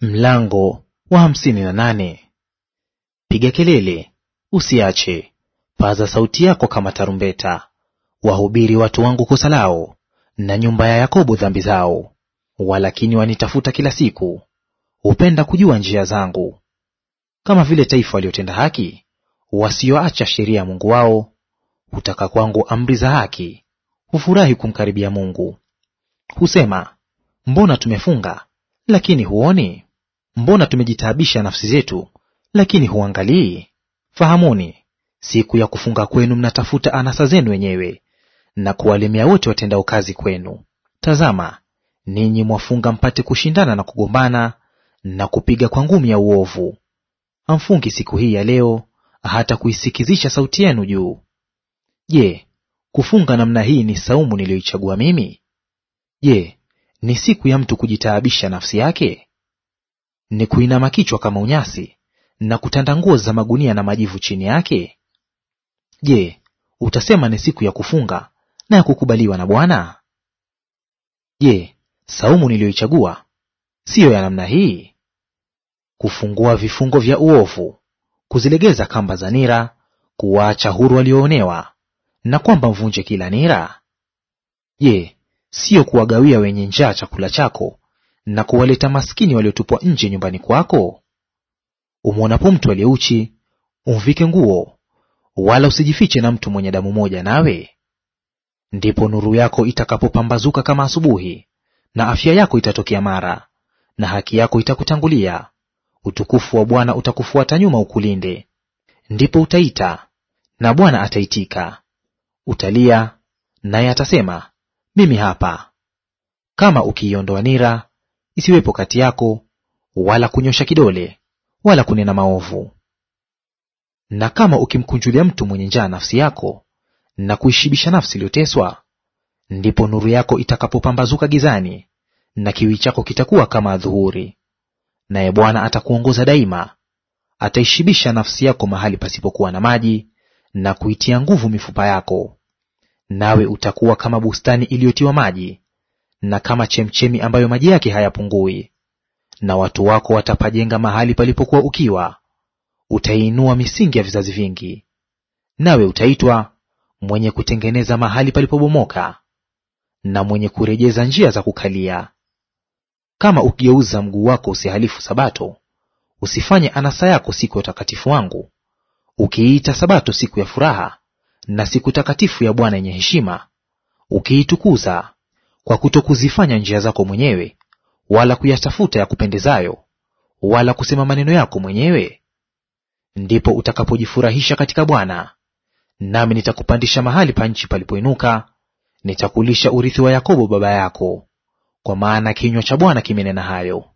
Mlango wa hamsini na nane. Piga kelele, usiache; paza sauti yako kama tarumbeta. Wahubiri watu wangu kosa lao, na nyumba ya Yakobo dhambi zao. Walakini wanitafuta kila siku, hupenda kujua njia zangu. Kama vile taifa waliotenda haki, wasioacha sheria ya Mungu wao, hutaka kwangu amri za haki, hufurahi kumkaribia Mungu. Husema, mbona tumefunga, lakini huoni? Mbona tumejitaabisha nafsi zetu, lakini huangalii? Fahamuni, siku ya kufunga kwenu mnatafuta anasa zenu wenyewe, na kuwalemea wote watendao kazi kwenu. Tazama, ninyi mwafunga mpate kushindana na kugombana na kupiga kwa ngumi ya uovu. Hamfungi siku hii ya leo hata kuisikizisha sauti yenu juu. Je, kufunga namna hii ni saumu niliyoichagua mimi? Je, ni siku ya mtu kujitaabisha nafsi yake? Ni kuinama kichwa kama unyasi na kutanda nguo za magunia na majivu chini yake? Je, utasema ni siku ya kufunga na ya kukubaliwa na Bwana? Je, saumu niliyoichagua siyo ya namna hii? Kufungua vifungo vya uovu, kuzilegeza kamba za nira, kuwaacha huru walioonewa, na kwamba mvunje kila nira? Je, siyo kuwagawia wenye njaa chakula chako na kuwaleta maskini waliotupwa nje nyumbani kwako? Umwonapo mtu aliyeuchi umvike nguo, wala usijifiche na mtu mwenye damu moja nawe. Ndipo nuru yako itakapopambazuka kama asubuhi, na afya yako itatokea mara, na haki yako itakutangulia, utukufu wa Bwana utakufuata nyuma ukulinde. Ndipo utaita na Bwana ataitika, utalia naye atasema mimi hapa. Kama ukiiondoa nira isiwepo kati yako wala kunyosha kidole wala kunena maovu. Na kama ukimkunjulia mtu mwenye njaa nafsi yako na kuishibisha nafsi iliyoteswa, ndipo nuru yako itakapopambazuka gizani, na kiwi chako kitakuwa kama adhuhuri. Naye Bwana atakuongoza daima, ataishibisha nafsi yako mahali pasipokuwa na maji, na kuitia nguvu mifupa yako. Nawe utakuwa kama bustani iliyotiwa maji na kama chemchemi ambayo maji yake hayapungui. Na watu wako watapajenga mahali palipokuwa ukiwa, utaiinua misingi ya vizazi vingi, nawe utaitwa mwenye kutengeneza mahali palipobomoka na mwenye kurejeza njia za kukalia. Kama ukigeuza mguu wako usihalifu Sabato, usifanye anasa yako siku ya utakatifu wangu, ukiiita Sabato siku ya furaha na siku takatifu ya Bwana yenye heshima, ukiitukuza kwa kutokuzifanya njia zako mwenyewe, wala kuyatafuta ya kupendezayo, wala kusema maneno yako mwenyewe, ndipo utakapojifurahisha katika Bwana. Nami nitakupandisha mahali pa nchi palipoinuka, nitakulisha urithi wa Yakobo baba yako, kwa maana kinywa cha Bwana kimenena hayo.